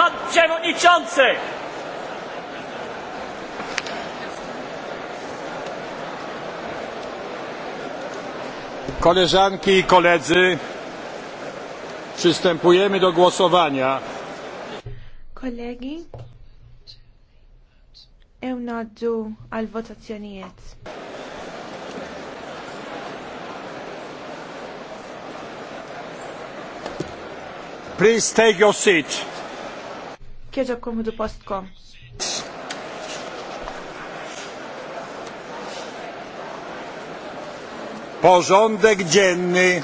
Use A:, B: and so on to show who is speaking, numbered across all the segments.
A: Pan Przewodniczący! Koleżanki i koledzy, przystępujemy do głosowania.
B: Kolegi, eu nadu al votazzjonijiet.
A: Please take your seat
B: kieġobkom u postkom.
A: Porządek dzienny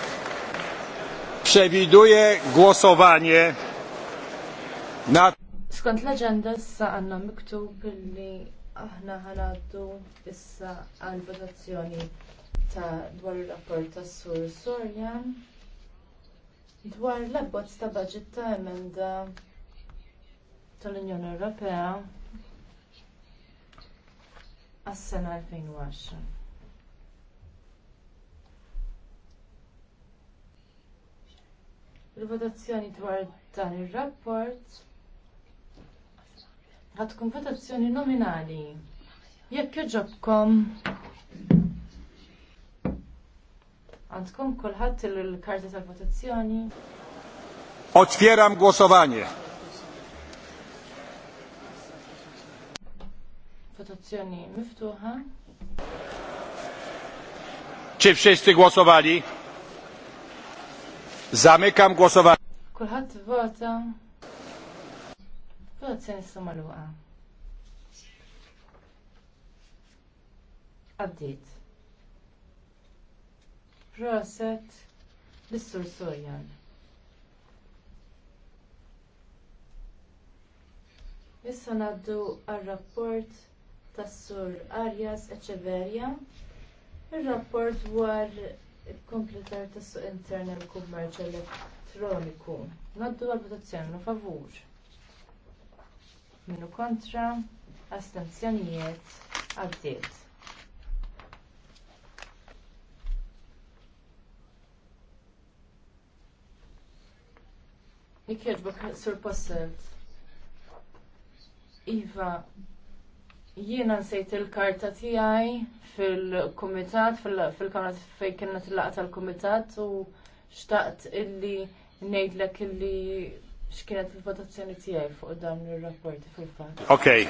A: przewiduje głosowanie na...
B: Skąd l-agenda issa għanna miktub li aħna ħanaddu issa għal votazzjoni ta' dwar il-rapport ta' Sur Sorjan dwar l-abbozz ta' budget ta' emenda tal-Unjoni Ewropea għas-sena 2010. Il-votazzjoni dwar dan ir-rapport tkun votazzjoni nominali. Jekk joġobkom għandkom kolħat il-karta tal-votazzjoni.
A: Otwieram głosowanie.
B: Votazzjoni miftuħa.
A: Czy wszyscy głosowali? Zamykam głosowanie.
B: Kulħadd vota. Votazzjoni samaluqa. Għaddit. Proset l-sur Issa naddu għal-rapport tas-sur Arias Echeverja. Ir-rapport dwar il-kompletar tas-suq intern u kummerċ elettroniku. Ngħaddu għall votazzjoni favur. Minu kontra, astenzjonijiet għaddiet. Ikjeġbuk sur posselt. Iva, Jiena nsejt il-karta tiegħi fil-kumitat, fil-kamra fejn kienna tillaqa tal-kumitat u xtaqt illi ngħidlek illi x'kienet il-votazzjoni tiegħi fuq dan ir rapport fil-fatt. Okay.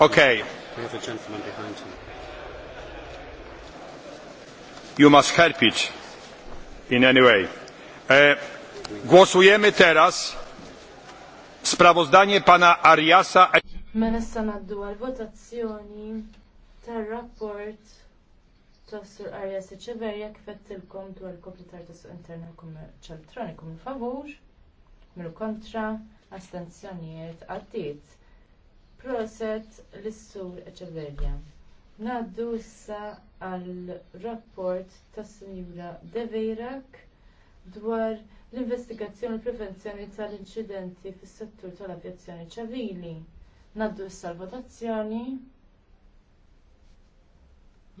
B: Okay.
A: you. must help it in any way. E, głosujemy teraz sprawozdanie pana Ariasa
B: Mela issa ngħaddu għal-votazzjoni tar-rapport tas Sur Arias Siċeverja kifettilkom dwar il-komplitar tas suq interna kummerċ elettroniku minn favur, mill kontra, astenzjonijiet għaddiet. Proset l-Sur Eċeverja. Ngħaddu issa għal-rapport tas-Sinjura De dwar l-investigazzjoni u l-prevenzjoni tal-inċidenti fis-settur tal-avjazzjoni ċivili. Naddu s salvatazzjoni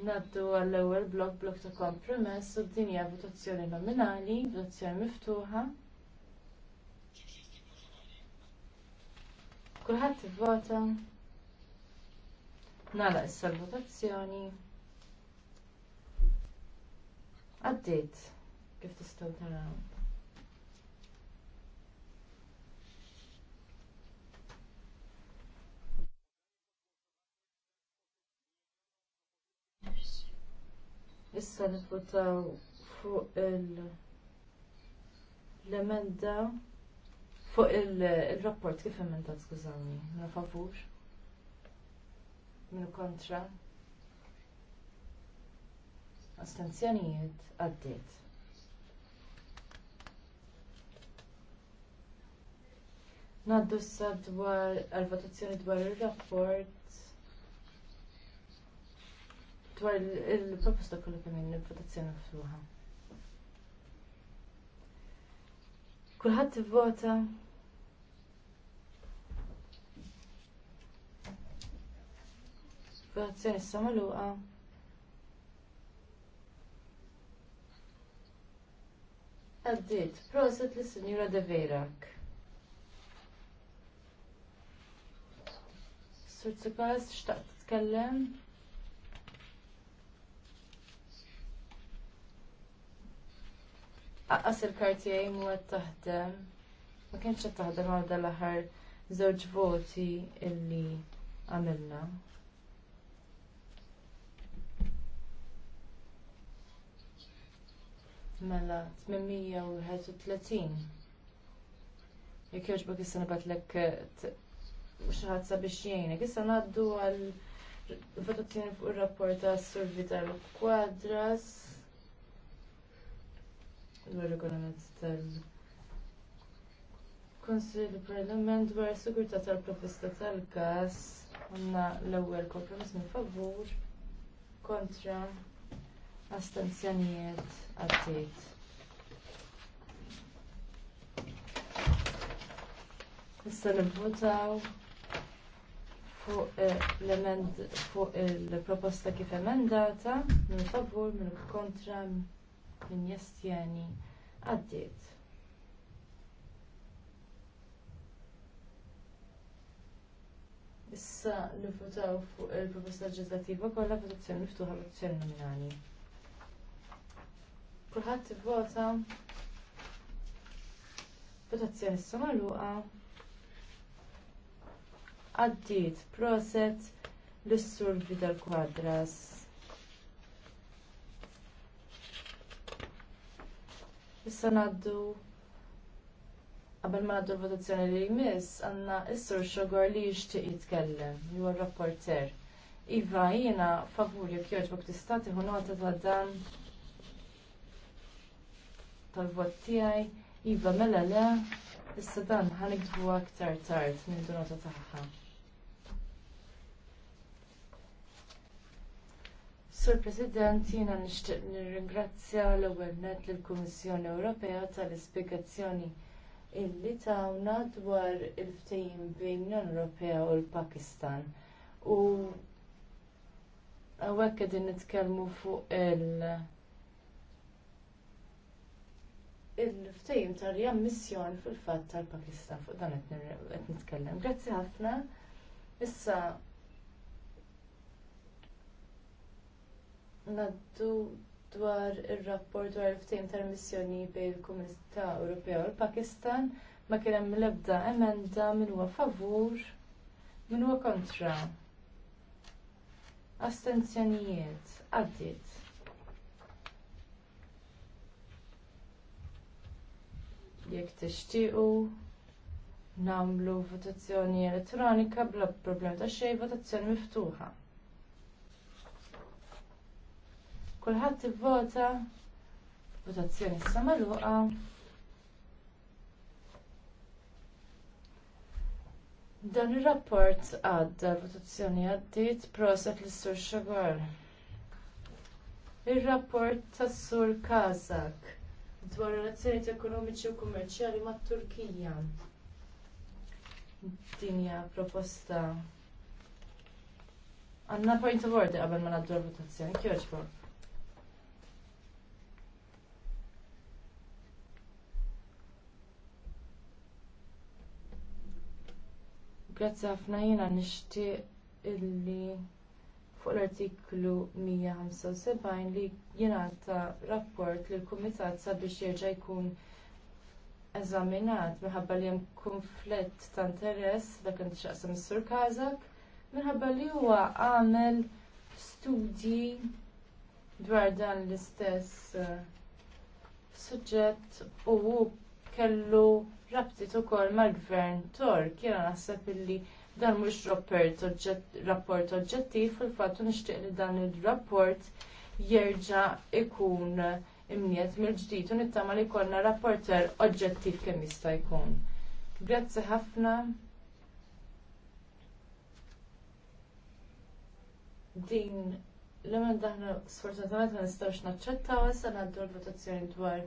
B: Naddu għall-ewwel blok blok ta' kompromess u din hija votazzjoni nominali, votazzjoni miftuħa. Kulħadd vota Nagħlaq s salvatazzjoni Għaddit kif tistgħu taraw. issa nifutaw fuq il emenda fuq il-rapport kif emenda skużawni, minn mela favur, minn kontra, astenzjonijiet għaddit. Naddu issa dwar għal-votazzjoni dwar ir rapport dwar il-proposta kollu kemm il votazzjoni miftuħa. Kulħadd ivvota Votazzjoni issa magħluqa. Għaddit, proset li Sinjura De Verac. Sur Tsipras, xtaqt tkellem. Aqqas il-karti għaj mu għed taħdem. Ma kienx għed taħdem għal l ħar zewġ voti illi għamilna. Mela, 831. Jek joġbok jissan batlek xaħat sabiex jgħinek. Jissan għaddu għal votazzjoni fuq il-rapport ta' survi tal-kwadras l-regolament tal- Konsil Parlament dwar sigurtà tal proposta tal-gas għandna l-ewwel kompromiss minn favur kontra astenzjonijiet għaddejt. Issa nivvotaw fuq eh, fuq il-proposta kif emendata, minn favur, minn kontra, minn min jestjeni għaddiet. Issa nifutaw fuq il-proposta leġislativa kollha votazzjoni miftuħa votazzjoni nominali. Kulħadd ivvota votazzjoni issa magħluqa għaddiet proset l-sur Vidal Quadras. Issa ngħaddu qabel ma naddu l-votazzjoni li jmiss għandna issur xogor li jishtiq jitkellem, huwa rapporter. Iva, jina favur jekk jogħġbok tista' tieħu nota ta' dan tal-vot tiegħi. Iva, mela le, issa dan għaktar aktar tard nota donata tagħha. Sur President, jiena nixtieq nirringrazzja l-ewwel net lill-Kummissjoni Ewropea tal-ispjegazzjoni illi tawna dwar il-ftehim bejn l-Unjoni Ewropea u l-Pakistan. U hawnhekk qegħdin nitkellmu fuq il- il-ftejm ta' riammissjon fil fatt tal-Pakistan fuq dan qed nitkellem. Grazzi ħafna. Issa naddu dwar ir rapport dwar il-ftejm tal-missjoni bejn il-Komunità Ewropea u l-Pakistan ma kien hemm l-ebda emenda min huwa favur min huwa kontra. Astenzjonijiet għaddiet. Jekk tixtiequ nagħmlu votazzjoni elettronika bla problem ta' xejn votazzjoni miftuħa. Kulħadd ivvota votazzjoni issa magħluqa. Dan ir-rapport għadda l-votazzjoni għaddiet proset l-Sur Xabar. Ir-rapport tas-Sur Kazak dwar relazzjonijiet ekonomiċi u kummerċjali mat-Turkija. Din hija proposta Għanna point of order qabel ma naddu l-votazzjoni, kjoġbor. Grazzi ħafna jiena nixtieq illi fuq l-artiklu 175 li jingħata rapport lill kumitat sabiex jerġa' jkun eżaminat minħabba li hemm kunflett ta' interess dak li x'jaqsam is-sur Kazak minħabba li huwa għamel studji dwar dan l-istess eh, suġġett u kellu rabtit ukoll mal-gvern Tork jiena naħseb illi dan mhux rapport oġġettiv u l-fattu nixtieq li dan ir-rapport jerġa' ikun imniet mill-ġdid u nittama li jkollna rapporter oġġettiv kemm jista' jkun. Grazzi ħafna. Din l-emenda aħna sfortunatament ma nistgħux naċċettaw issa ngħaddu l-votazzjoni dwar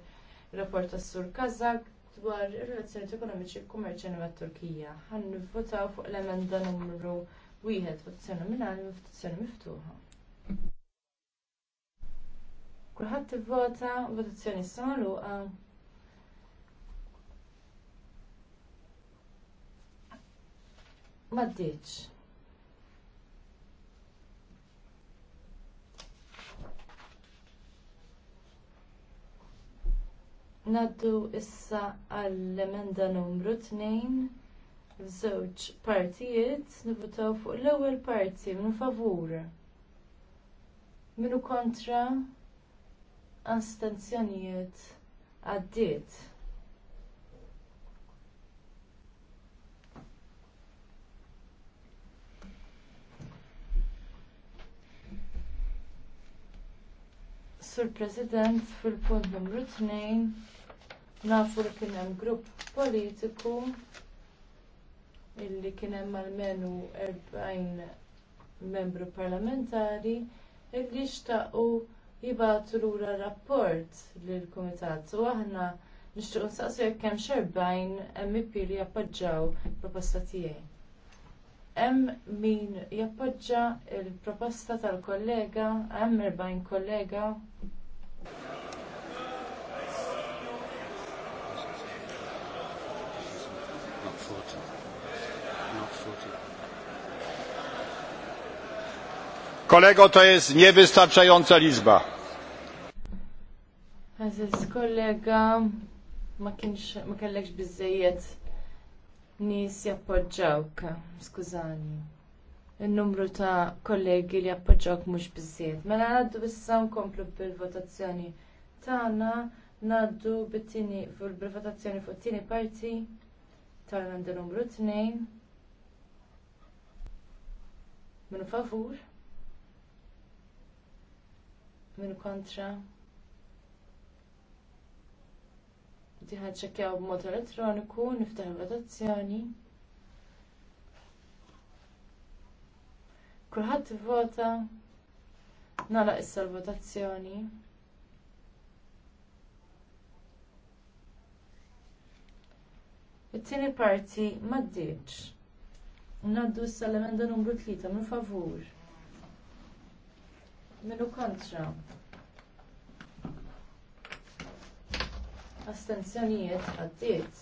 B: rapport tas-Sur Kazak dwar ir-relazzjonijiet ekonomiċi kummerċjali mat-Turkija. Ħan nivvotaw fuq l-emenda numru wieħed votazzjoni nominali u votazzjoni miftuħa. Kulħadd tivvota votazzjoni issa magħluqa. Naddu issa għall-emenda numru 2 f'żewġ partijiet nivutaw fuq l-ewwel parti minn favur. Minu kontra astenzjonijiet għaddiet. Sur President fil-punt numru 2 nafu li kien hemm grupp politiku illi kien hemm almenu 40 membru parlamentari illi xtaqu jibgħatu lura rapport lill kumitat U aħna nixtiequ nsaqsu jekk hemm xerbajn MP li jappoġġaw proposta tiegħi. Hemm min jappoġġa l proposta tal-kollega, hemm 40 kollega
A: Kolego, to jest niewystarczająca liczba.
B: Aziz kollega, ma kienx ma kellekx bizzejiet nis jappoġġawk, skużani. Il-numru ta' kollegi li jappoġġawk mhux bizzejiet. Mela għaddu issa nkomplu bil-votazzjoni tagħna ngħaddu bit bil-votazzjoni fuq tini parti tal-emenda numru t-nejn, Minu favur minn kontra. Tiħad ċekjaw b'mod elettroniku, niftaħ votazzjoni. Kulħadd vota nagħlaq issa l-votazzjoni. It-tieni parti ma' Naddu issa l-emenda numru 3 minn favur. Minu kontra. Astenzjonijiet għaddiet.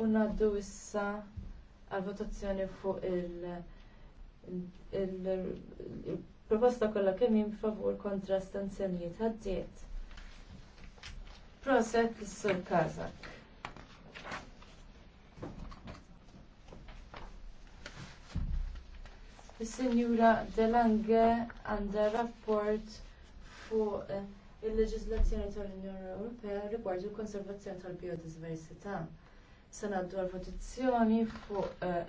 B: U għaddu issa għall votazzjoni fuq il-proposta kolla kollha kemm jien favur kontra astenzjonijiet għaddiet. Proset l-sur Kazak. Is-Sinjura Delange għandha rapport fuq eh, il-leġiżlazzjoni tal-Unjoni Ewropea rigward il-konservazzjoni tal-biodiversità. Se ngħaddu għal votazzjoni fuq eh,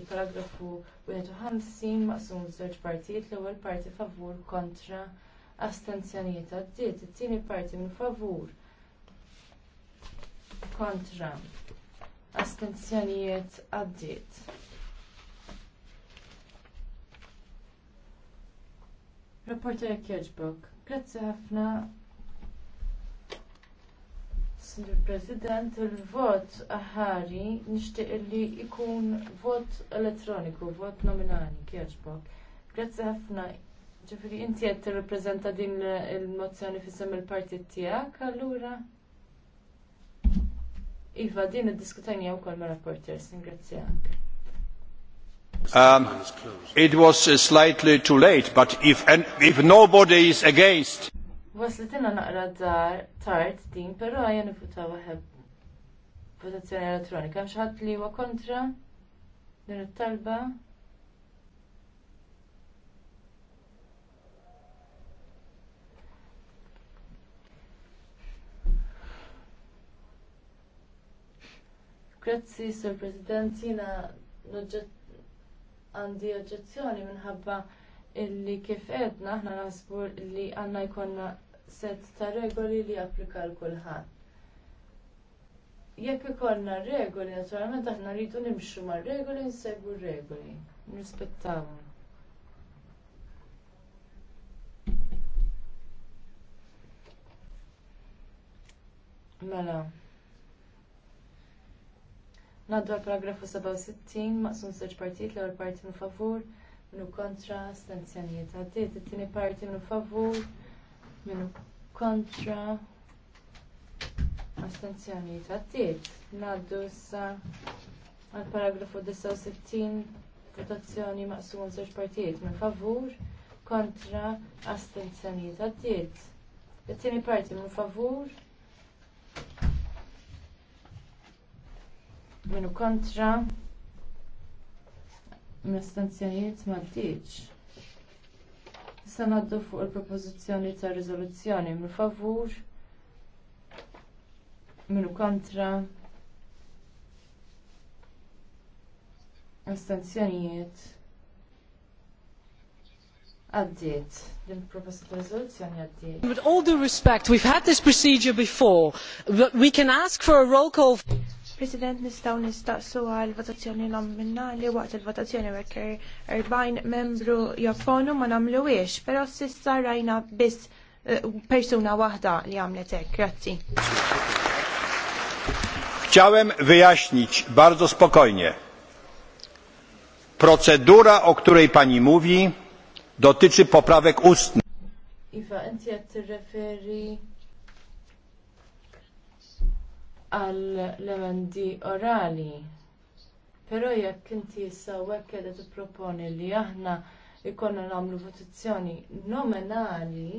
B: il-paragrafu 51 maqsum żewġ partijiet l-ewwel parti favur kontra astenzjonijiet għaddiet, it-tieni parti minn favur kontra astenzjonijiet għaddiet. Reporter Kirchbrook, grazzi ħafna. Sir President, il-vot ħari nixtieq li jkun vot elettroniku, vot nominali, Kirchbrook. Grazzi ħafna. Ġifri, inti qed tirrappreżenta din il-mozzjoni fissem il-partit tiegħek, allura? Iva, din id-diskutajni għaw kol ma' rapporters, ingrazzjak.
A: Um, it was uh, slightly too late, but if, and, if nobody is against...
B: Waslet inna naqra dar tard din, pero għajan nifutaw għahab votazzjoni elettronika. Mxħat li huwa kontra din it-talba? Grazzi, Sir President, jina noġġett għandi oġġezzjoni minħabba illi kif edna aħna nasbu li għandna jkollna set ta' regoli li applika l kulħadd. Jekk ikollna regoli, naturalment aħna rridu nimxu mar regoli nsegwu r regoli, nrispettawhom. Mela. Naddu paragrafu 67, maqsum seċ partijiet l-ewwel parti minn favur, minnu kontra, stanzjonijiet għaddiet, it tini parti minnu favur, minnu kontra, astenzjonijiet għaddiet. Naddu sa għal-paragrafu 69, votazzjoni maqsum seċ partijiet minn favur, kontra, astenzjonijiet għaddiet. It-tieni parti minn favur, minu kontra mistanzjonijiet ma ddiċ. Issa fuq il propozizjoni ta' rizoluzzjoni minu favur minu kontra mistanzjonijiet għaddiet din proposta With all due respect, we've had this procedure before, but we can ask for a roll call. President, nistaw nistaqsu għal votazzjoni li waqt il-votazzjoni wekker 40 membru jaffonu ma namlu iex, pero sissa rajna bis eh, persuna wahda li għamletek. Grazzi.
A: Chciałem wyjaśnić bardzo spokojnie. Procedura, o której pani mówi, dotyczy poprawek ustnych.
B: Iwa, inti referi għall-emendi orali. Però jekk inti issa hekk qiegħda tipproponi li aħna jkollna nagħmlu votazzjoni nominali,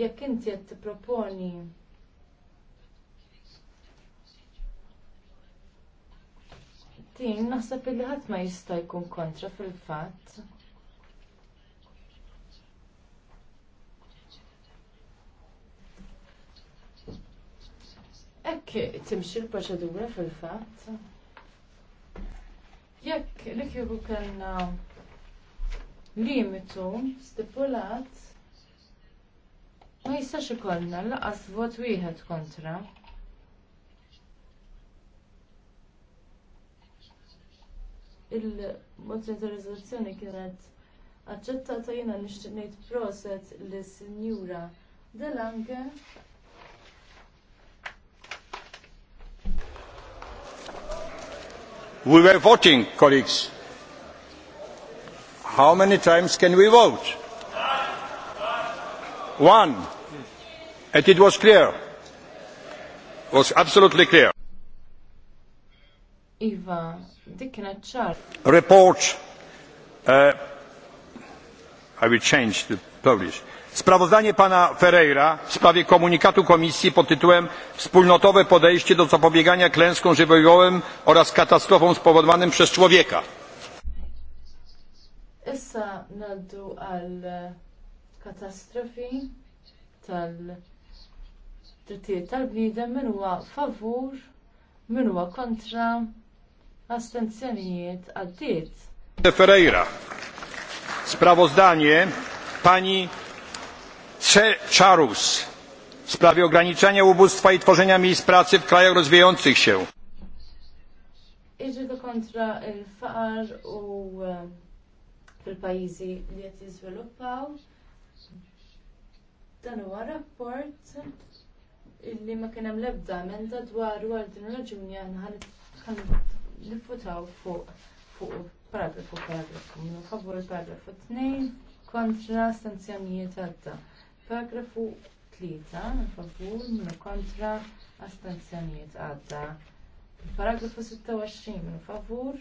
B: jekk inti qed tipproponi Din naħseb li ħadd ma jista' jkun kontra fil-fatt. Ekk timxi l-proċedura fil-fatt. Jekk li kieku kellna limitu stipulat ma jistax ikollna laqas vot wieħed kontra. Il-mozzjoni ta' kienet aċċettata jiena nixtieq ngħid proset lis-Sinjura Delange
A: We were voting, colleagues. How many times can we vote? One. And it was clear. It was absolutely clear. Iva, Report. Uh, I will change the Publish. Sprawozdanie pana Ferreira w sprawie komunikatu Komisji pod tytułem Wspólnotowe podejście do zapobiegania klęskom żywiołowym oraz katastrofom spowodowanym przez człowieka.
B: Issa naddu għal katastrofi tal-drittijiet tal huwa favur, huwa kontra astenzjonijiet għaddiet.
A: Ferreira, sprawozdanie pani Czarus w sprawie ograniczania ubóstwa i tworzenia miejsc pracy w krajach rozwijających się.
B: Iġidu kontra il-faqar u fil-pajizi e, li qed jiżviluppaw. Dan huwa rapport illi ma kien hemm l-ebda dwar għal din raġuni aħna nifutaw fuq fuq paragrafu paragrafu. Favur paragrafu 2 kontra stanzjonijiet għadda. Paragrafu 3 minn favur minn kontra astenzjonijiet għadda. Paragrafu 26 minn favur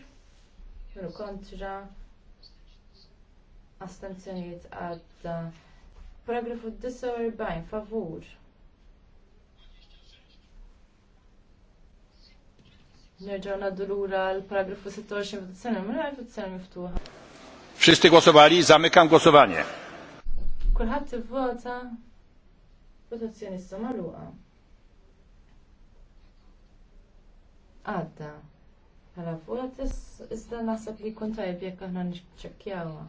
B: minn kontra astenzjonijiet għadda. Paragrafu 49 favur. Nerġaw naddu l-ura l-paragrafu 26 fit-sena, minn għal fit-sena mela, miftuħa.
A: Wszyscy głosowali. Zamykam głosowanie.
B: Kulħadd ivvota votazzjoni issa magħluqa. Għadda. Għala mela, vot iżda naħseb li jkun tajb jekk aħna niċċekkjawha.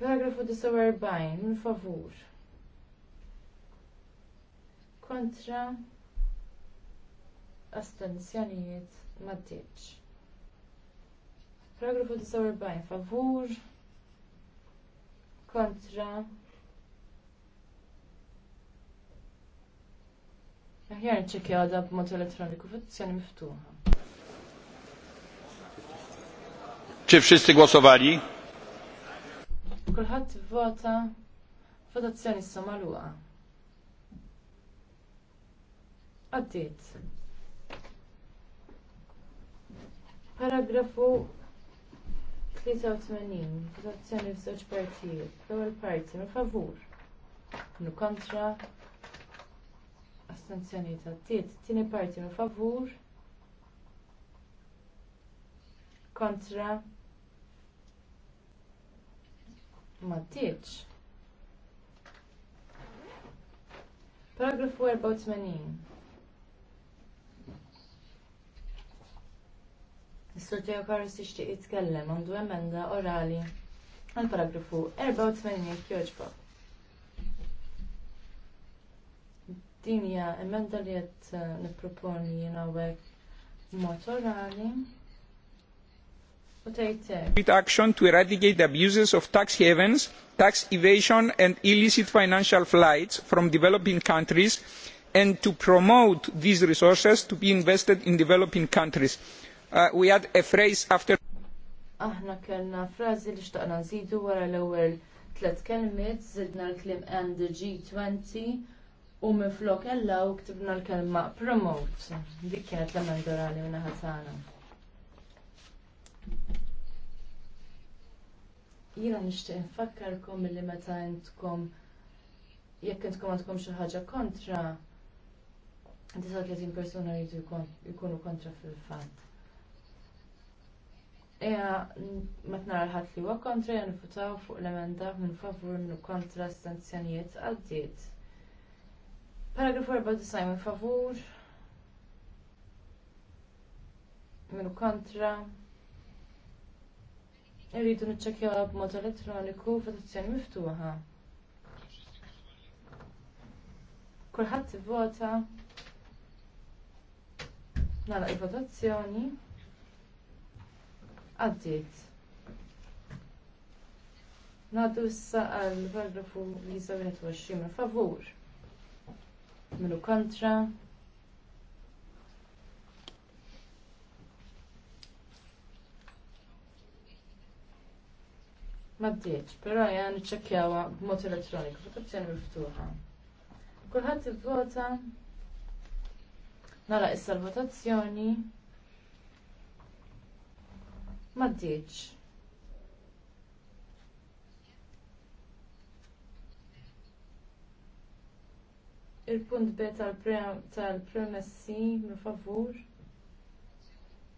B: Paragrafu 49, min favur. Kontra astensjonijiet ma' Paragrafu 49 favur kontra Aħjar nċekja għada b'mod elettroniku, votazzjoni miftuħa.
A: Czy wszyscy głosowali?
B: Kulħadd vota votazzjoni issa magħluqa. Għaddiet. Paragrafu 83 votazzjoni f'żewġ partijiet. L-ewwel parti ma' favur. Minnu kontra. Astenzjoni ta' tiet. Tieni parti ma' favur. Kontra. Ma tietx. Paragrafu 84. Is-Sur Teokaros tixtieq jitkellem għandu emenda orali għal paragrafu 84 kjoġba. Din hija emenda li qed eh, nipproponi jiena hawnhekk mod orali.
A: With action to eradicate abuses of tax havens, tax evasion and illicit financial flights from developing countries and to promote these resources to be invested in developing countries. Uh, we had a phrase after
B: aħna kellna frażi li xtaqna nżidu wara l-ewwel tliet kelmiet, żidna l kliem and the G20 u minflok ella u ktibna l-kelma promote. Dik kienet l-emenda minn ħatana. Jiena nixtieq nfakkarkom milli meta intkom jekk intkom għandkom xi ħaġa kontra 39 persuna jridu jkunu kontra fil-fatt. Eja, metna l-ħat li huwa kontra futaw fuq l-emenda minn favur minn kontra stanzjonijiet għaddiet. Paragraf 4'9 minn favur minn kontra Irridu niċċekjaw b'mod elettroniku votazzjoni miftuħa. Kulħadd ivvota nagħlaq il-votazzjoni għaddiet. Nadu issa għal paragrafu li jizzabinet 21 minn favur. Minu kontra. Maddiet, pero jgħan ċekjawa b'mod elettroniku, votazzjoni miftuħa. Kulħadd ivvota nara issa l-votazzjoni ddiċ. Il-punt B tal-premessi mi favur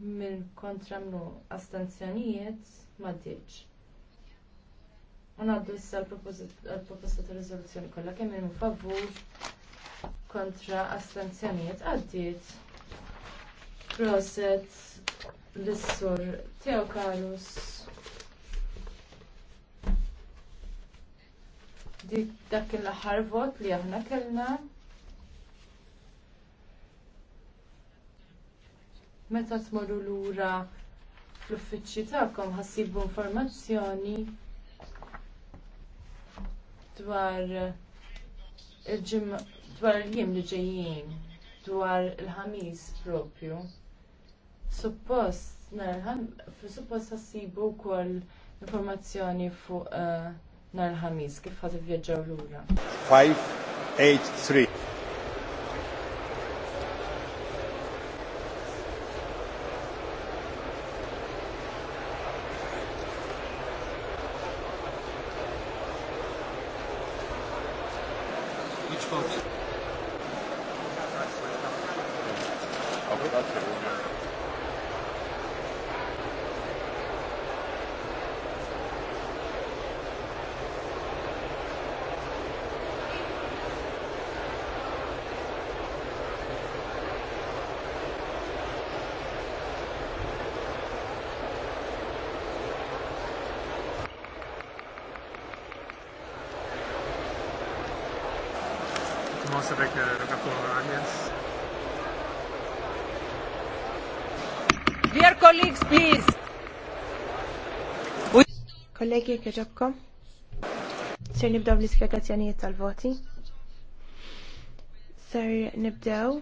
B: minn kontra mnu ddiċ. maddiċ. Unaddu issa l-proposta ta' rizoluzzjoni kollha kemm hemm favur kontra astenzjonijiet għaddiet. Proset l issur Teo Karus. dak il-aħħar vot li aħna kellna. Meta tmorru lura fl-uffiċċji tagħkom ħassibu informazzjoni dwar il-ġim dwar il-jiem li ġejjin dwar il-ħamis propju suppost narħam, suppost ħassibu wkoll informazzjoni fuq eh, nhar ħamis kif ħat ivvjaġġaw lura.
A: 583.
B: Thank Kollegi, kħeġobkom. Ser nibdaw l-ispiegazzjonijiet tal-voti. Ser nibdaw